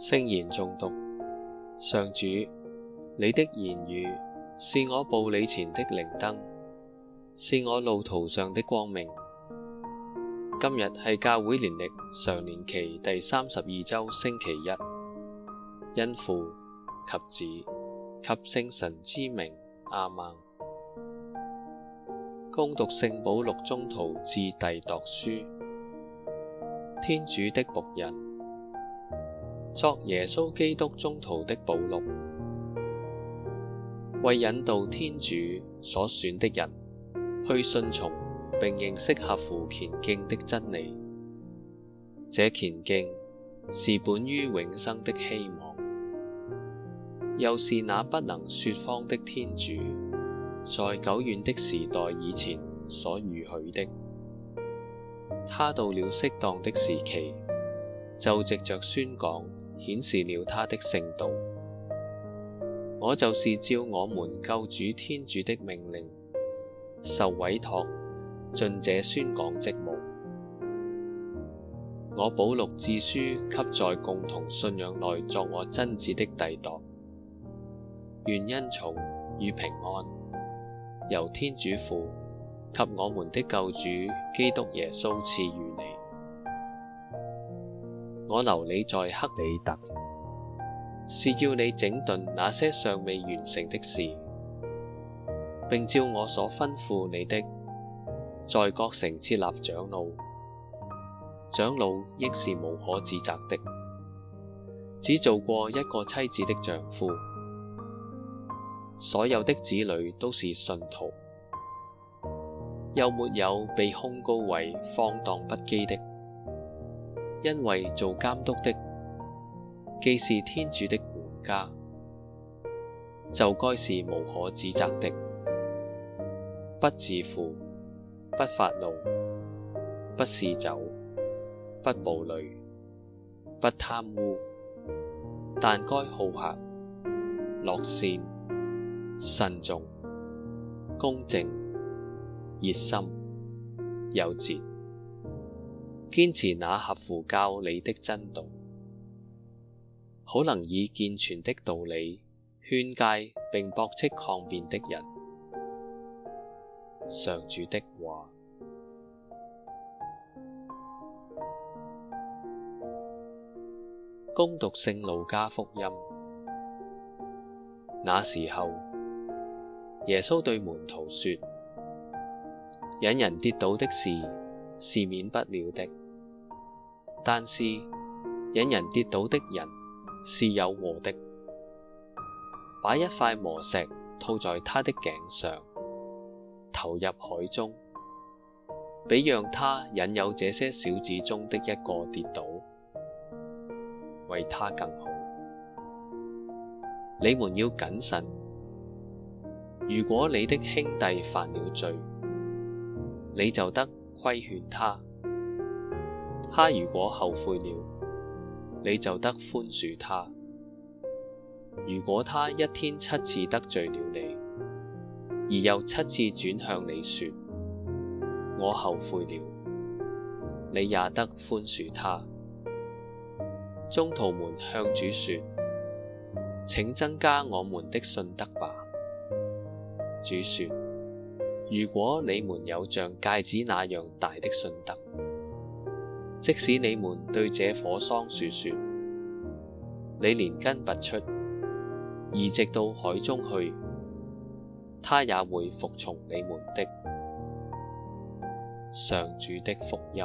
聖言誦讀。上主，你的言語是我步履前的靈燈，是我路途上的光明。今日係教會年曆常年期第三十二周星期一，因父及子及聖神之名阿門。恭讀聖保祿宗徒致弟鐸書：天主的僕人。作耶穌基督宗徒的保祿，為引導天主所選的人去信從，並認識合乎虔敬的真理。這虔敬是本於永生的希望，又是那不能說謊的天主在久遠的時代以前所預許的。他到了適當的時期，就藉着宣講。顯示了他的聖道。我就是照我們救主天主的命令，受委託盡這宣講職務。我保祿致書給在共同信仰內作我真子的弟鐸，願恩寵與平安，由天主父及我們的救主基督耶穌賜與你。我留你在克里特，是叫你整頓那些尚未完成的事，並照我所吩咐你的，在各城設立長老。長老亦是無可指摘的，只做過一個妻子的丈夫，所有的子女都是信徒，又沒有被控告為放蕩不羈的。因為做監督的，既是天主的管家，就該是無可指摘的，不自負，不發怒，不嗜酒，不暴戾，不貪污，但該好客、樂善、慎重、公正、熱心、有節。堅持那合乎教理的真道，好能以健全的道理勸戒並駁斥抗辯的人。上主的話，恭讀聖路加福音。那時候，耶穌對門徒說：引人跌倒的事，是免不了的，但是引人跌倒的人是有禍的。把一塊磨石套在他的頸上，投入海中，比讓他引誘這些小子中的一個跌倒，為他更好。你們要謹慎，如果你的兄弟犯了罪，你就得。規勸他，他如果後悔了，你就得寬恕他；如果他一天七次得罪了你，而又七次轉向你說，我後悔了，你也得寬恕他。宗徒們向主說：請增加我們的信德吧。主說。如果你們有像芥子那樣大的信德，即使你們對這棵桑樹說：你連根拔出，移植到海中去，它也會服從你們的。上主的福音。